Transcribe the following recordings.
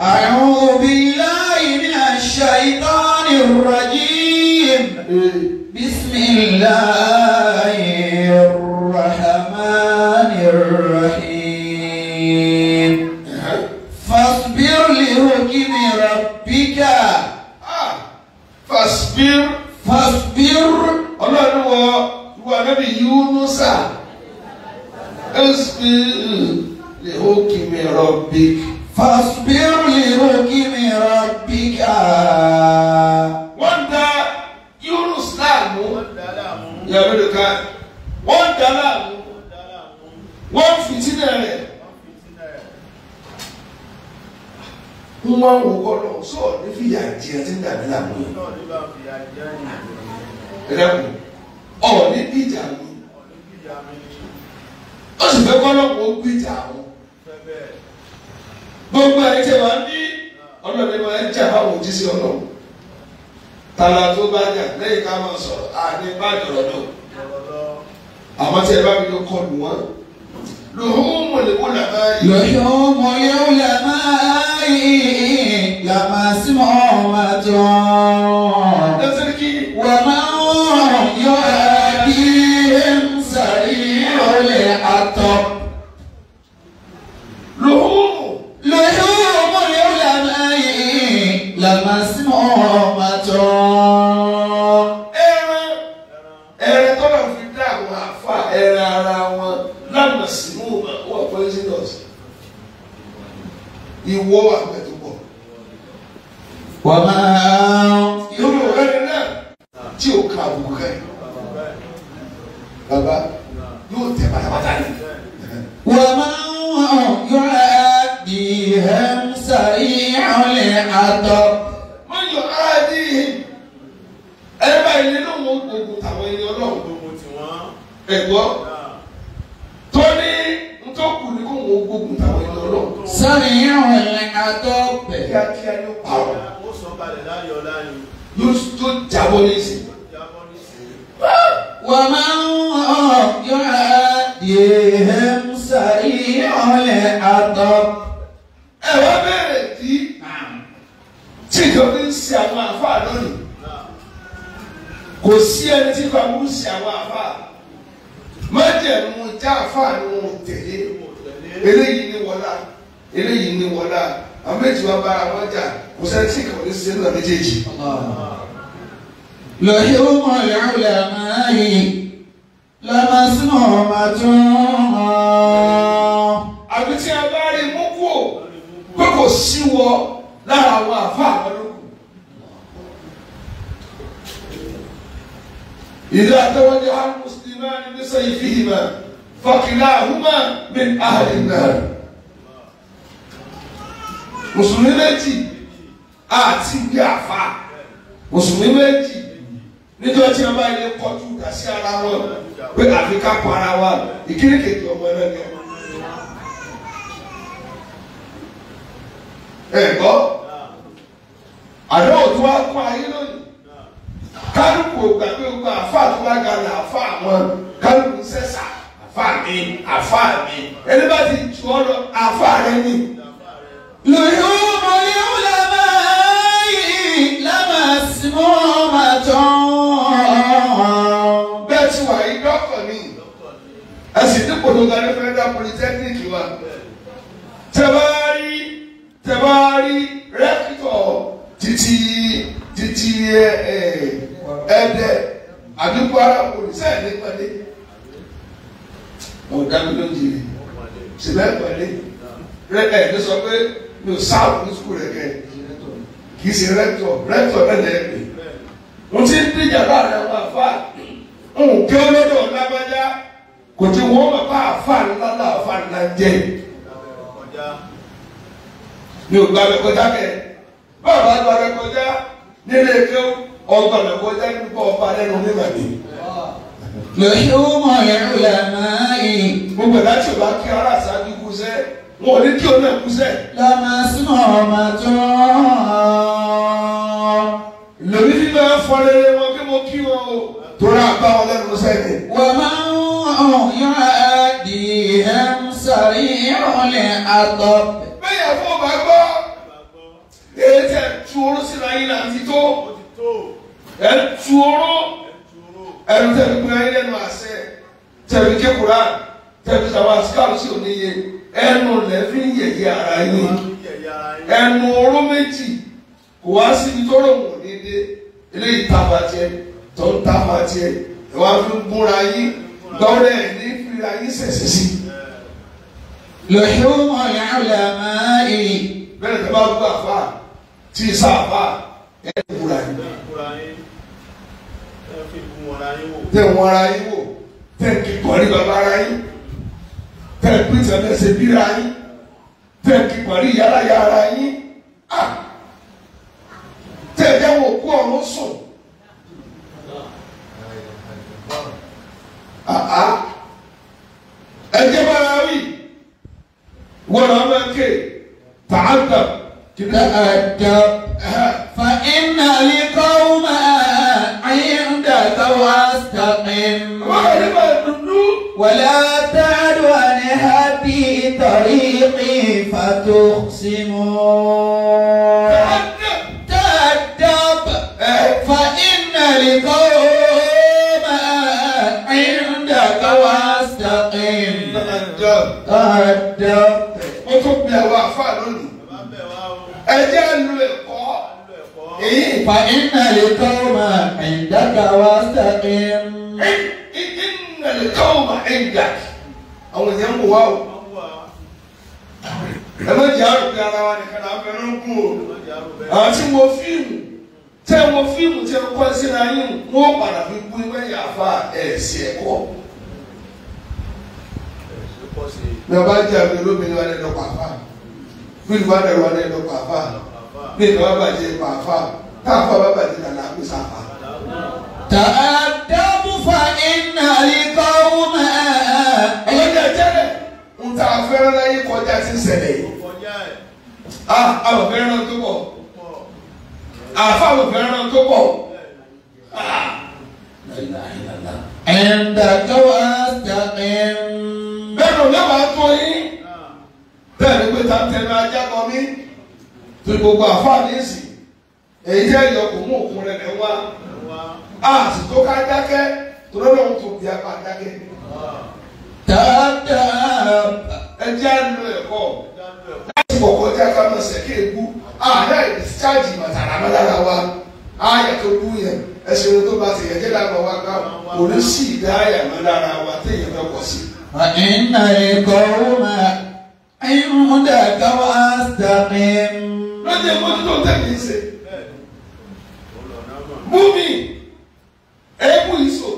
أعوذ بالله من الشيطان الرجيم إيه. بسم الله الرحمن الرحيم إيه. فاصبر لحكم ربك آه. فاصبر فاصبر الله هو هو نبي يونس اصبر لحكم ربك فاصبر wọ́n fìtínà rẹ̀ ń wá wò kọ́ sọ ní fìyà jẹ ẹtí dàbí làwọn yìí rẹ́kù ọ̀ ní bíjà mi ó sì fẹ́ kọ́ lọ́pọ̀ ó bíjà àwọn gbogbo ẹ̀ tẹ̀ wá ní ọlọ́ọ̀ni máa ń jà báwọn òjíṣẹ́ ọlọ́run tala tó bá jà lẹ́yìn ká máa sọ̀rọ̀ àní bá jọ̀rọ̀ lọ àwọn tí ẹ bá mi lọ kọlù wọn lùhùmù lè wúlò báyìí. lùhùmù. alto tẹ̀lé eléyìí ní wọlá eléyìí ní wọlá àwọn méjì wá bára wọn jà kò sẹ́ni tí kò ní sẹ́ni náà méjèèjì. lọ́yẹ̀ ó mọ̀ lẹ́rùlẹ̀ máa yìí lọ́mọ́sínà máa tún hàn. àbí tí a bá rí mú kú ò pé kò sí wọ lára àwọn àfa àwọn lóko. إذا تولى عن مسلمان بسيفهما fakilahuma min ahli nar mùsùlùmí méjì àti bí àfa mùsùlùmí méjì níjọ́ tí wọ́n bá yẹ kọjú dá sí ara wọn pé àfi ká para wa ìkíni kejì ọmọ ẹ̀rọ ni ẹ gbọ́ àdó òtún wa kó ayé lónìí kálukú ògbà pé gbogbo àfa tó bá ga ní àfa àwọn kálukú sẹ́sà àfa mi àfa mi ẹni bá ti tù ọ lọ àfa rẹ ni. lòyún mo ní ó lè máa yí lámàsímọ́ ọmọ àtọ́. bẹ́ẹ̀ ti wà yí dọ́kọ̀ ni a sì dípò tó ga ní fẹ́ẹ́ dá polytechnic wa tẹbaari tẹbaari rẹ́kítọ̀ títí títí ẹ ẹ ẹdẹ àdúgbò ara kò ní sẹ́ẹ̀ ní pẹ́ẹ́lẹ́ wọn ò dá mi lóúnjẹ rẹ sì lẹ́pẹ̀lẹ́ rẹ ẹ̀ ló sọ pé mi ò sáàbù ní sukùl rẹ̀ kẹ́ kì í ṣe rẹ́tọ̀ rẹ́tọ̀ rẹ̀ lẹ́ pè wọ́n ti ń díjà láàrin àwọn àfa òun kí ọlọ́dọ̀ lágbájá kò tí wọ́n bá bá àfa ńlá láàfa ńlá jẹ́ mi ò gba abẹ́kọjá kẹ́ báwo bá gba abẹ́kọjá nílé ẹgbẹ́ ọgbà abẹ́kọjá nípa ọba lẹ́nu nígbà mi. lóyún mọ̀ ẹ̀rù làmáyé gbogbo ẹ̀dá tí o bá kí ara ṣáájú kú sẹ́ wọn ò ní kí o náà kú sẹ́. lọ́nà súnmọ́ ọmọ tó. lèmi fi máa fọ rere wọn kí mo kí wọn o. torí àgbà wọn lẹ́nu sẹ́yìn. wà á máa ń yọra di ẹ̀mùsàrí ìrọ̀lẹ́ àtọ̀. bẹ́ẹ̀ fún ọba gbọ́ èyí tẹ̀ tu oró sínú ayé náà ti tó ẹ̀ tu oró ẹ̀rù tẹ̀ gbé ayé lẹ́nu àṣẹ tẹ̀ fi ké kura tẹ̀bí tàwa scarf sí oníye ẹnu lẹ́fí yẹ̀yẹ́ ara yín ẹnu oró méjì kò wá síbi tó rò wọ̀n dédé eléyìí tàbà jẹ tó ń tàbà jẹ ìwà fi ń gúnra yín gbọ́dọ̀ ẹ̀ ní fìlà yín sẹ̀sẹ̀ sí. lòṣùwọ̀n ọ̀làwọ̀là máa ń yìí. bẹ́ẹ̀ ni bá gbọ́ àfa tí ì sá àfa ẹ̀ ń gúnra yín. tẹ̀ ń wọ́n ara wò tẹ̀ ń kíkọ́ ní bàbá ara yín tẹ́ ẹ pín sẹ̀mẹ́sẹ̀ bíra yín tẹ́ ẹ kí yín à tẹ́ ẹ kú ọ̀run sùn. ẹjẹ bá rí wọn àwọn ẹkẹ tààtà. tààtà fa iná lè kọ́ ọ́ máa تقسمون تأدب فإن القوم عندك واستقيم تأدب mo tún bẹ àwọn àfa lónìí ẹ jẹ́ lu ẹ̀kọ́. fa iná lè kọ́ ma ìdáka wá sẹ́kìm. iná lè kọ́ ma ìdáka àwọn èèyàn ń wá o ẹ má jẹ́ àròpé ara wa nìkan náà fẹ́ ló kú o àwọn tí wo fíìmù tẹ́ wo fíìmù tẹ́ kọ́ síra yín wọ́n padà fi bú ìwé yàfa ẹ̀sì ẹ̀kọ́ bí ọba jẹ àmì olómìnira wa lẹ́nu pàfà bí ìlú wa dẹ̀rọ wa lẹ́nu pàfà bí ìlú wa bàjẹ́ pàfà káfà wa bàjẹ́ nàlá kó sáfà. tàà dábùfà ẹ̀. Ah, àwọn fẹ́ràn tó pọ̀ àfàwọn fẹ́ràn tó pọ̀. Ah. ẹ̀ǹdà káwá ta ẹ̀ǹ. bẹ́ẹ̀ni ọ̀làwà tó yín bẹ́ẹ̀ni pé ta tẹnu ajá kan mí tó gbogbo àfààní sí èyí jẹ́ ìyọkùn mú òkun rẹ̀ lẹ́wà a sì tó ká dákẹ́ tó lọ́dọ̀ ń tó bí apá dákẹ́. Ah. dáadáa ẹ jẹ́ àánú ẹ̀kọ́ jẹ́ ká máa ṣèké egbú àná ìdísáàjì màtàrà mọ́lára wa ààyè tó bú yẹn ẹsẹ̀ wọn tó bá ti yẹ jẹ́ lágbọ̀ wá ká kò ní sí ìdá àyà mọ́lára wa téèyàn bẹ́ pọ̀ sí. ìnà ẹ̀kọ́ ọ̀húnmá ìmúdà káwá sàmì. lóde mọ́tò tó tẹ̀lé ṣe. mú mi èébú ìṣó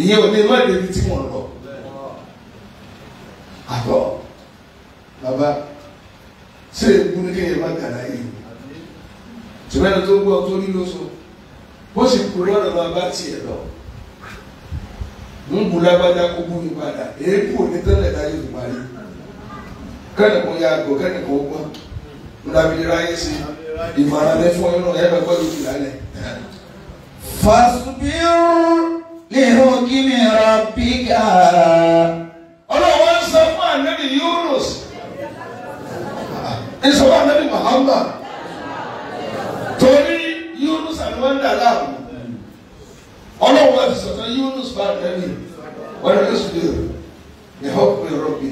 ìyẹn ò ní mọ́ ìdèbí tí wọ́n lọ. àbọ̀ bàbá ṣé èkú ní kéèyàn má gàdá yìí tó gbọ́ tó rí ló bó sì kú lọ́dọ̀ máa bá tiẹ̀ lọ ń bu lágbádá kó bú mi padà èékú òní tẹ́lẹ̀ láyé tó parí kẹ́nìkan ya àgọ́ kẹ́nìkan ó gbọ́n ńlábìlera yé sí ìmọ̀ràn fún inú ẹ̀ bẹ́ẹ̀ gbọ́dọ̀ jù lálẹ́. fasubir lè hó kí mi rà bíkà. ọlọ́run wá fi sọ̀tàn Yunus bá dẹ́ni wọ́n lè sùn dé ní hókù ní rọ́bì.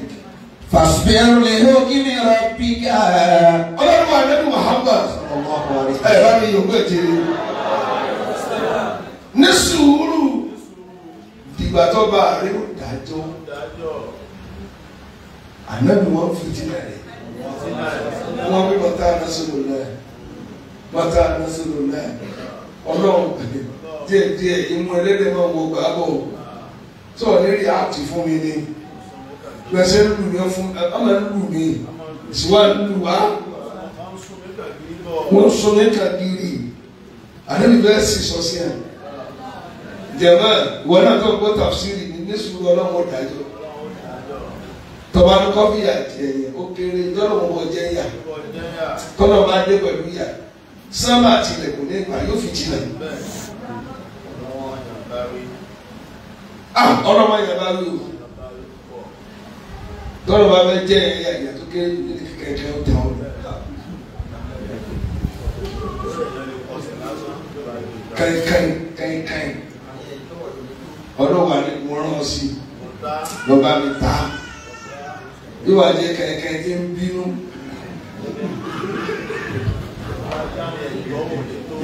fàṣbẹ́rù lè hókì ní rọ́bì ká. ọlọ́run wà nẹ́bí Muhammad ẹ̀ bá mi yòókù ètè ní sùúrù dìgbà tó bá rí dájọ́ ànábì wọn fìtínà rẹ̀ wọn bí bàtà nasirullah bàtà nasirullah ọlọ́run pẹ̀lú díẹ̀díẹ̀ imú ẹlẹ́dẹ̀ máa wo gbà á bọ̀ tó o ní rí áàtì fún mi ni gbèsè lù mí fún ọmọ lù mí ìsìwá lù wá wọ́n sọ ní kàdírì àdébí bẹ́ẹ̀ sì sọ sí ẹ̀ jẹ̀mọ́ ìwọ náà tó gbọ́ tàfsírì ní nísìlú ọlọ́run ọ̀dájọ́ tọba ní kọfí àjẹyìn ó kéré lọ́rùn wọ jẹ́yà tọ́lọ́ bá dé pẹ̀lú yà sábà tilẹ̀kùn nípa yóò fi jìnnà. Ah, ọlọ́mọ yẹn bá wí o tọ́lọ̀ bá fẹ́ jẹ́ ẹ̀yà ìyá tó kéré jù lórí kẹ̀kẹ́ ó tàn ó. kẹ́ńkẹ́ń kẹ́ńkẹ́ń ọlọ́wà ni mo rán sí lọ́ba mi ta yíwá jẹ́ kẹ́ńkẹ́ń tí ń bínú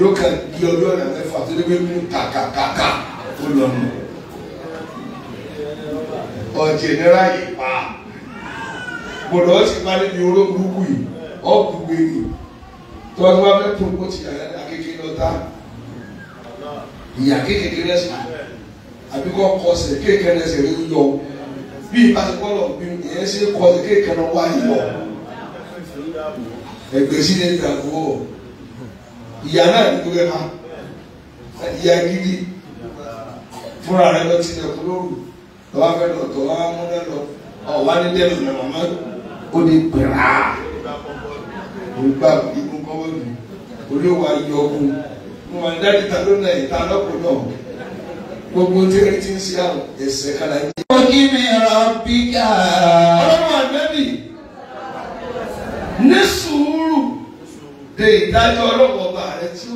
yóò kàn di ọdún ọ̀nà mẹ́fà tó dé pé mú kàkàkàkà ụlọnụ ọjenera ịkpa gbọdọ ọchịkparị dị ụlọ ukwu ọ kwubiri tọ́jú wa fẹ́ pòròpó ti yàrá kékeré lọ́tà ìyà kékeré sàn àbí kọ́ kọsẹ̀ kékeré ẹsẹ̀ rẹ yọ bí ìbáṣepọ̀lọ̀ bí ìyẹn ṣe kọsẹ̀ kékeré wá yọ ẹgbẹ́sí lè gbàgbọ́ ìyà náà ló gbé ha ìyà gidi fúnra rẹ lọ tilẹ̀kùn lóru lọ́wọ́ fẹ́ lọ tó wá mú lẹ́ lọ ọ̀wá ní dẹ́nu rẹ màmá ó lè pèrà nígbà igun kọ́wọ́ mi orí wa yọ ọkùn mo máa ń dájú ta lónà ìta lọ́kùn náà gbogbo tí ó ti ń ṣe àrùn ẹ̀sẹ̀ kala yìí. ó kí mi rọ bíkà. ọlọ́run àgbẹ̀bì ní sùúrù de ìdájọ́ ọlọ́wọ́ bàrẹ̀ tí ó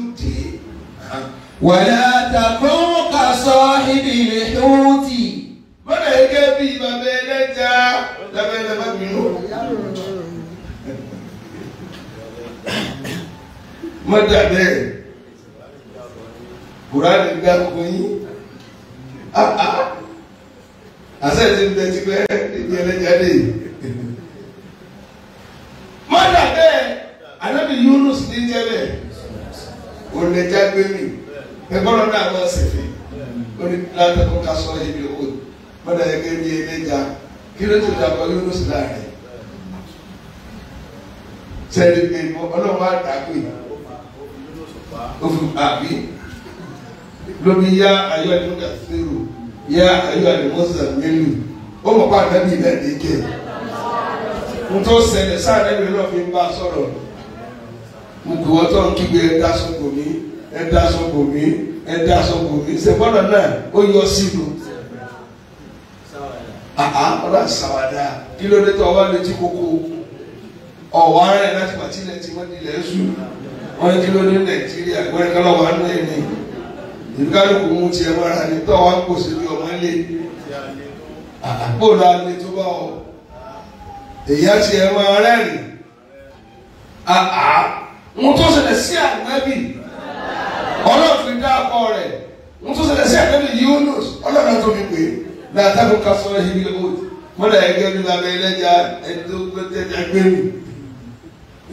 wàlá takun ka sahibil huti. bọ́dà yìí ké bíi bàbá ẹlẹ́jà lábẹ́ lábẹ́ mi nù. má dàbẹ́ kùránì gbà gbogbo yín àṣẹ ti ń bẹ ti pẹ́ ibi ẹlẹ́jà dé. má dàbẹ́ Ànábì Yunus ní jẹ́ bẹ́ẹ̀ gbé mi ẹgbọ́n náà wọ́n sì fi lórí látẹ̀kọ́ ká sọ ibi owó gbọ́dọ̀ ẹgbẹ́ bíi ẹlẹ́jà kí ló ti dàgbọ́ yunus láàrin sẹ́ni pé ọlọ́run á dàgbé òfin àbí lómi yá ayọ́ ẹni ká sírò yá ayọ́ ẹni mọ́sà mélòó ó mọ̀ pa àdáni ilẹ̀ ní kẹ́ ntọ́ sẹ́ni sáà lẹ́nu lọ́ọ́ fi ń bá a sọ̀rọ̀ mo kì wọ́n tọ́ ń kígbe dásùn kò ní ẹ da aṣọ bò mí ẹ da aṣọ bò mí ṣègbọ́dọ̀ náà ó yọ sínú. àhá ọ̀dà sàwádà kí ló dé tó ọwọ́ létí kókó ọ̀wọ́ ara ẹ̀ láti pàtí ilẹ̀ tí wọ́n di ilẹ̀ ṣù wọ́n kí ló dé nàìjíríà wọ́n kí lọ́wọ́ àánú ẹ̀ ní ìdúkàlùkù mú tiẹ̀ mọ́ra ní tọ́wọ́ kò sí bí ọmọ ilé àkóòdà ni tó bá ọ èyí á ti ẹ̀ máa rẹ́rìn-ín àhá mo tó ṣẹlẹ̀ sí àgbẹ̀bí ọlọ́run fi dá akọ rẹ̀ ń tún ṣẹlẹ̀ sí àtẹ́lẹ̀ Yunus ọlọ́run tó mi pè é látàkùn ká sọ̀rọ̀ yìí lé wọ́n mọ́lá ẹgbẹ́ mi lábẹ́ ẹlẹ́jà ẹ̀dọ́gbẹ́tẹ̀jà gbẹ́mi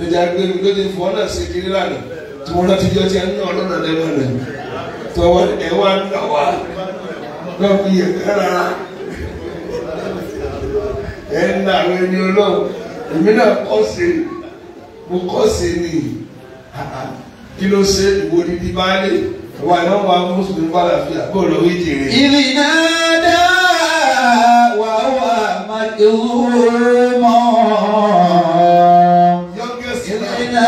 ẹ̀dọ́gbẹ́tẹ̀jà gbẹ́mi lóde fún ọ náà ṣe kiri lánàá tí wọ́n lọ́ọ́ ti jẹ́ ọtí ẹnu ọlọ́run lẹ́wọ̀n rẹ̀ tọwọ́ ẹ̀wọ̀n àdáwà náà fi yẹ kára ẹ̀ ń nà àwọn ẹni ọlọ́run èmi náà kọ́ sí mo kọ́ sí ni kí ló ṣe ìwo ní ti báyìí ìwà ìwọ̀n wa mùsùlùmí wà láfíà bó lọ wí jèrè. ìrìnà dá wà wà màdùmọ́. ìrìnà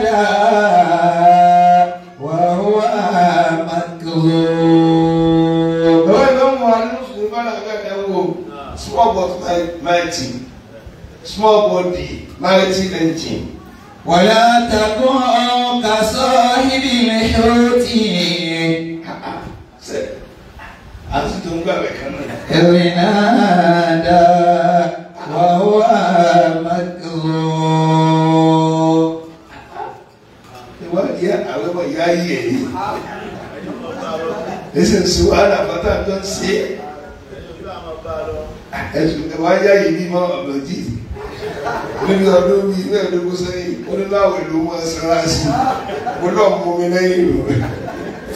dá wa mùsùlùmí small but mighty small body mighty engine. wàlá takùn ibi ìlẹ̀ṣọ́ tì í. a sì tó ń gbà wẹ̀ kan náà. ẹ̀rìn náà dá wà wá mọ́tò. ìwádìí àwẹ̀wọ̀ yá yìí ẹ̀yìn. ẹsẹ̀ sùn wàhálà bàtà tó ń ṣe é ẹsùn wá yá yìí ní mọ ọlọjì nínú ní ẹdógún ìlú wọn sanra sí ọlọ́run mú mi lẹ́yìn o.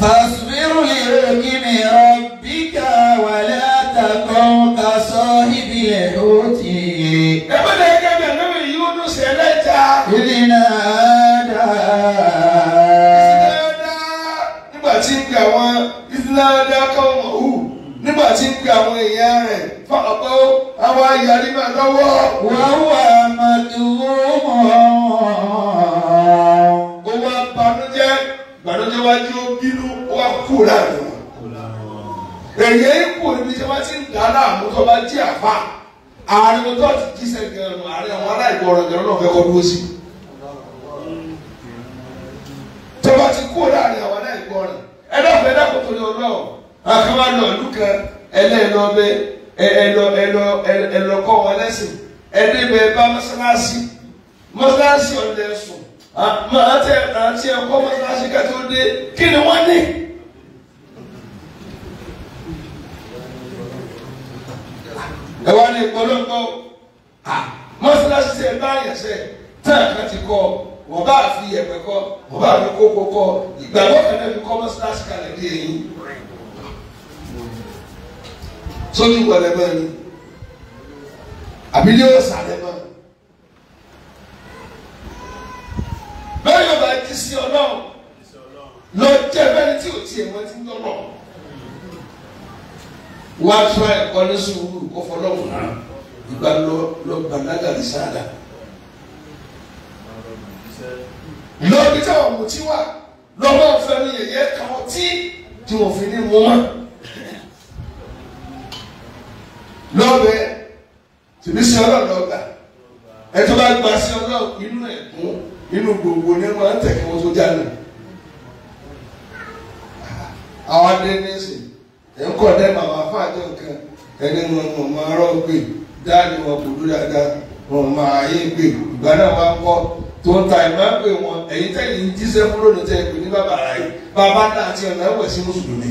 fàṣbírù lè kí ni rabbika wà látàkọ́ ká sọ ibi ẹ̀ ó ti. ẹ bá dẹ̀ gẹ́gẹ́ bí ẹ̀nàmì yóò dún sẹ́lẹ̀ ta. ìdìnnà dá. nígbà tí ń gbà àwọn èèyàn rẹ̀ fọ́ọ̀pọ̀ àwọn ayàrí máa lọ́wọ́. wàá wà á máa dùn ún mọ́. níwájú ó bínú ó wá kú láàrin wọn èyí kò níbi tí wọ́n ti ń dá láàmú tó bá jí àpá àárín wọn tó ti jíṣẹ́ gẹ̀rọ àárín àwọn aláìgbọ́ ọ̀rọ̀ gẹ̀rọ náà fẹ́ kọ́ dúró sí tó bá ti kú láàrin àwọn aláìgbọ́ ọ̀rọ̀ ẹ̀dọ́fẹ́ ẹ̀dọ́fẹ́ tó lọ lọ́wọ́ àkàwá lọ ìlú kan ẹlẹ́ẹ̀lọ́bẹ ẹlọ ẹlọ ẹlọkọ́ wọn lẹ́sìn ẹdínbẹ bá mọ́sálásí mọ́sálásí ọ̀lẹ́sùn máa tẹ àti ẹ̀kọ́ mọ́sálásí kẹtù dé kí ni wọ́n ní. ẹ wá ní ìpolongo mọ́sálásí ṣe báyẹn ṣe tán kan ti kọ́ wọ́n bá fi ẹ̀pẹ̀ kọ́ wọ́n bá fi kókó kọ́ ìgbàgbọ́ kan náà fi kọ́ mọ́sálásí kalẹ̀ dé yìí. sójú wọlé mọ́ ni àbí ilé ọ̀sán lẹ́mọ́ ni. bẹ́ẹ̀ bá jí sí ọlọ́run lọ jẹ́ bẹ́ẹ̀ tí ò tiẹ̀ wọ́n ti ń lọ́rọ̀ wọ́n á tún ẹ̀kọ́ ní sùúrù kó fọlọ́run náà ìgbà lọ lọ gbàdágà ní sáadà lọ bí táwọn ọmọ tí wà lọ́wọ́ ọ̀fẹ́ ní yẹ̀yẹ́ kan tí tí wọ́n fi ní mú wọn lọ́bẹ̀ẹ́ tìbí sí ẹ̀ tó bá gbà sí ọlọ́run inú ẹ̀ inú gbogbo ni máa ń tẹ̀ kí wọ́n tó jáde àwọn adé nísì ń màmá nǹkan ẹni mọ̀ máa arọ gbè dáàdì wọn kò dúró dáadáa náà tó ta ìmọ̀ pé wọn ẹ̀yìn tẹ́yìn jíṣẹ́ fún lónìí pé ní bàbá bàbá náà àti ọ̀nà ẹ̀wẹ̀ sí mùsùlùmí.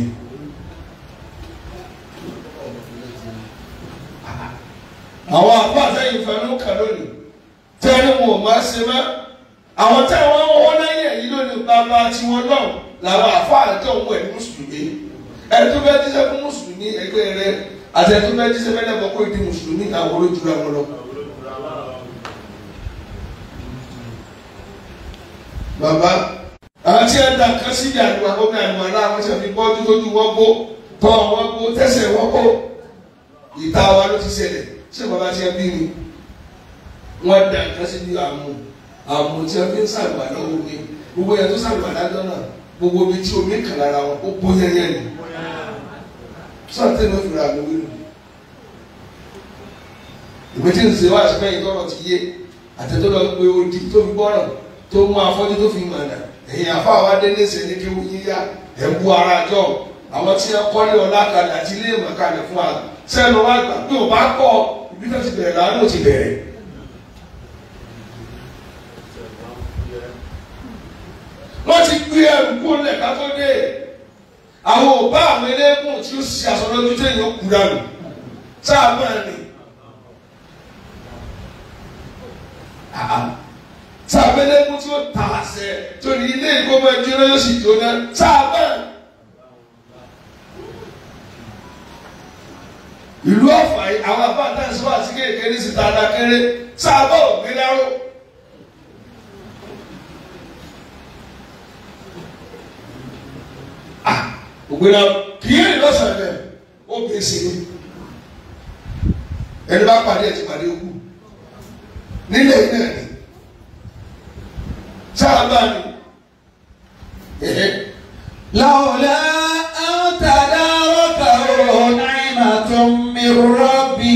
àwọn àwọn tí àwọn ọwọ́ lẹ́yìn ẹ̀yìn lónìí bàbá tiwọn náà làwọn àfáà tó ń wẹ̀ ní mùsùlùmí ẹni tó fẹ́ jíṣẹ́ fún mùsùlùmí ẹgbẹ́ rẹ àti ẹni tó fẹ́ jíṣẹ́ fẹ́ lẹ́bọ̀ kó di mùsùlùmí àwọn olójúra wọn lọ. bàbá àwọn tí ẹ̀dá kan sí ìyàwó àkókò àìmọ̀ ara wọn ṣe fi bọ́jú lójú wọn bó tọ́ wọn bó tẹ̀sẹ̀ wọn bó ìta wa ló ti ṣẹlẹ̀ ṣé bàbá ti ẹ bí ni wọ́n dà kan sí ìyàwó àmọ́ àwọn tí wọn fi ń ṣàlùwàlá omi gbogbo yẹn tó ṣàlùwàlá lọ́nà gbogbo omi tí omi kàn lára wọn ó bó yẹnyẹn ni sọ́ọ̀tì ló fi ra mi wí lù ìwé tí ń ṣe wá àṣepẹ́yìn tọrọ ti yé àtẹ̀tọ́ lọ pé odi tó fi gbọ́ràn tó mú afọ́jú tó fi mọ̀nà ẹ̀yìn àfa wa dé ní kí wọ́n yíyá ẹ̀ bú ara jọ àwọn tí wọ́n kọ́lé ọlá kalẹ̀ àti ilé ìmọ̀ kalẹ̀ fún wa sẹ́nu wa gbà pé ò bá kọ́ ibi tó ti bẹ̀rẹ̀ lánàá ti bẹ̀rẹ̀. wọ́n ti gbé ẹrù kó lẹ̀ ká tó dé àwọn òbá àwọn eléégún tí ó sì aṣọ lójú tó yẹ kú dànù tá a máa nì tá a bẹ eléégún tí ó tà àṣẹ tó ní ilé ìgbọ́mọ̀ ẹjọ́ náà yóò sì jóná tá a máa. ìlú ọ̀fà àwọn abáńtà ń sọ àti kékeré síta dákẹ́rẹ́ tá a bá òmìnira ró. when I create lọ́sàn-án bẹ́ẹ̀ ó gbé e sèé ẹni bá pàdé ẹ̀ ti pàdé okú nílẹ̀ yìí náà ni sáà bá mi láwùlá àtàdá rọ́tà ọ̀rọ̀ náírà tó ń mi rọ́bì.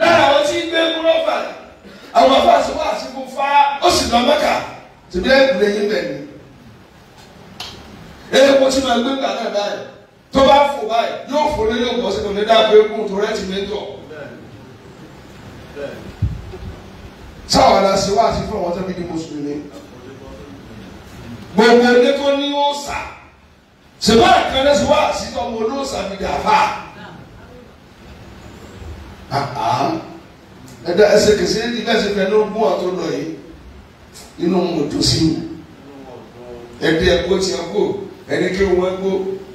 lára àwọn tí ń gbé gúrọ́fà àwọn afáàsì wá àsìkò fá ó sì lọ mọ́kà tìbí ẹ̀kúlẹ̀ yín bẹ̀ ni ẹ wọ́n sì máa gbé nǹkan náà báyìí tó bá fò báyìí yóò fò nílé ògbọ́n sí tòun dáàbò eégún tó rẹ́ ti mí tọ̀. sáwọn aláṣẹ wá sí fún àwọn tó bí di mùsùlùmí gbogbo ilé tó ní ó sà ṣèbá àkànlẹ̀ sí wá sí tọ́mọ olóòsà mi dà fà ẹ̀dá ẹsẹ̀ kẹsẹ̀ ẹ̀dí bẹ́ẹ̀ sì fẹ́ ló gún ọ̀tún lọ yìí inú mọ̀tò sí ẹ̀dí ẹ̀kọ́ tiẹ̀ kó ẹni kí wọn gbó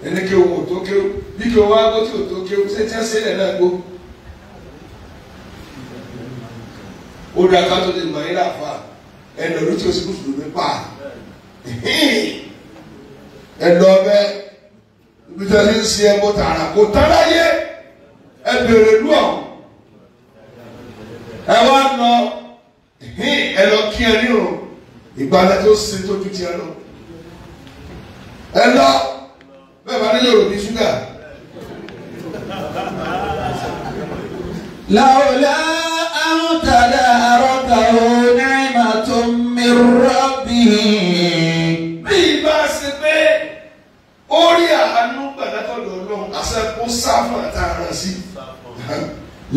ẹni kí wọn ò tó kéwù bí kí wọn wá gbó tí ò tó kéwù ṣé tí wọn sílẹ̀ náà gbó. ó dá ká tó lè mọ ayé làfà ẹnì ọdún tí o sì mùsùlùmí pa ẹnì ọbẹ ibi tí wọn ti ń sin ẹbọ tààrà kò tán láyé ẹ bèrè lù ọ ẹ wá lọ ẹ lọ kí ẹ nírun ìgbà alẹ́ tó sin tó ju tiẹ̀ lọ ẹ lọ bẹ́ẹ̀ bá ní yòrò ní ṣúgà. لولا أن تداركه نعمة من ربه bí ìbá ṣe pé ó rí àánú gbàdátọ̀dọ̀ ọlọ́run àṣẹ kó sáfà tá a rán sí.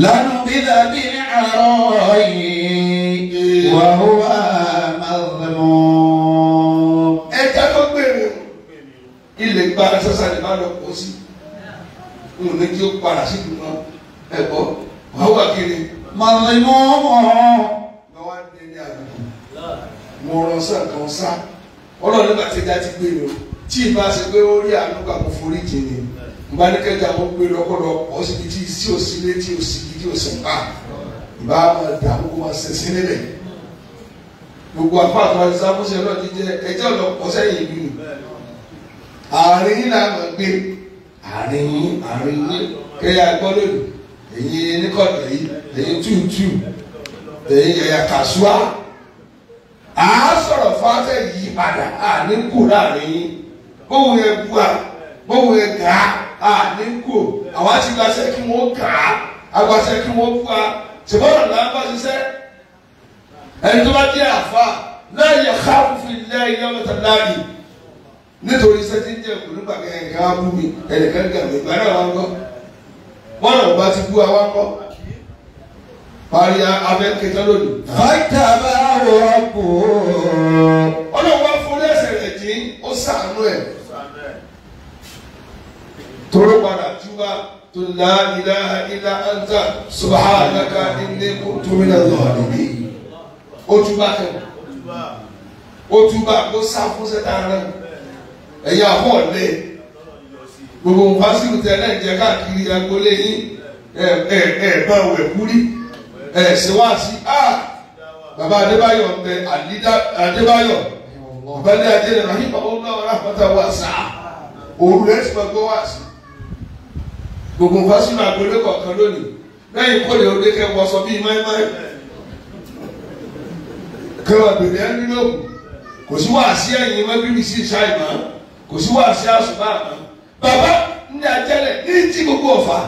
لنبذ بالعراء méjì ó padà sí ìdùnnà ẹ̀kọ́ wàá wà kiri màmá inú ọ̀hún ló wá dé ní àdúgbò mo rọ sàn kan sá ọlọ́run nígbà tí ẹja ti gbé lọ tí ì bá ṣe pé ó rí àánú kó forí jì ni ní gbé tí tí ń bá ìbá máa dà kó máa àárín yín àárín yín kẹ́yà gbọ́dọ̀dù ẹ̀yin níkọ̀tẹ̀ yìí ẹ̀yin túùtù ẹ̀yin ẹ̀yà kàṣúà à á sọ̀rọ̀ fáfẹ́ yìí padà à ní kù láàrin yín bóun yẹ bu à bóun yẹ gà á à ní kù àwa ti gbàṣẹ kí wọ́n gà á agbàṣẹ kí wọ́n bu à ṣùgbọ́n ọ̀la bá ṣiṣẹ́ ẹni tó bá jẹ́ àfa láyé káfíńfì lẹ́yìn ọmọ tàdáyìí nítorí sẹ́tí ń jẹ́ òkúrú pàkẹ́ ẹnìkan á bú mi ẹnìkan gà mí ìgbà náà wá ń kọ́ bọ́ọ̀nà ò bá ti bú wa wá ń kọ́ parí abẹ́ kẹta lónìí. fáìtà bá wọ kó. ọlọ́run wá fún ẹsẹ̀ rẹ̀ dín ó sàánú ẹ̀. toró padà túbà tó la ilaha illa anta subhanaka inni kuntu minaz zalimin. ó túbà kẹ́ ó túbà kó sáfún sẹ́ta ẹ̀yin àbọ̀ lé gbogbo fásitì tẹ náà jẹ káàkiri agboolé yín ẹ ẹ ẹ bá wẹ̀ kúrí ẹ ṣe wá sí a bàbá Adébáyọ̀ ń bẹ àlídá Adébáyọ̀ ọ̀bẹ́lẹ́ adéyẹ rahim ọlọ́wọ́ rahmatan wa sa òru rẹ̀ ti máa gbọ́ wá sí gbogbo fásitì agboolé kọ̀ọ̀kan lónìí lẹ́yìn kọ́lé òde kẹ́ wọ́sọ bíi máímáí kẹwàá bèrè ẹni lóògùn kò sí wá sí ẹ̀yìn mẹ́bí mi sí ìṣá ìmọ̀. kò sí wáàsí àṣùbà àná bàbá ní àjẹlẹ ní ti gbogbo ọ̀fà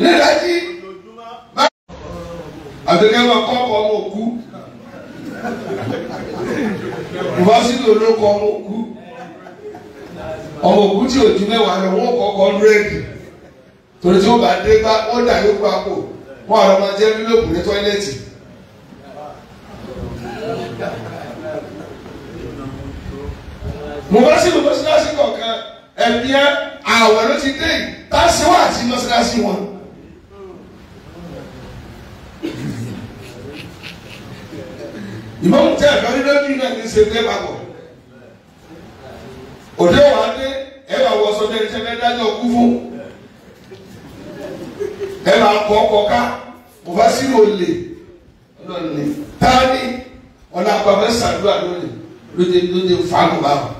níláàjì àbíkẹ́ máa kọ́ ọkọ̀ ọmọ òkú ìfásitì olóko ọmọ òkú ọmọ òkú tí o di mẹ́wàá lọ wọ́n kọ́kọ́ rẹ́ẹ̀dì torí tí bá dé bá wọ́n dà yóò wọ́n àrọ́ máa jẹ́ mo bá sínú mọ́ṣáláṣí kọ̀ọ̀kan ẹ̀mí ẹ àwẹ̀ ló ti dé yìí tá a ṣe wá àti mọ́ṣáláṣí wọn. ìmọ̀mù tẹ ẹ̀fọ́ nínú ẹbí náà ní ṣe tẹ́ papọ̀ òde wàá dé ẹ bá wọ sọdẹ ní sẹfẹ dájọ kú fún ẹ bá kọ ọkọ ká mo bá sínú olè ọlọ́ọ̀ni táà ní ọ̀nà àpamẹ́sàdúrà lónìí lóde lóde fàánù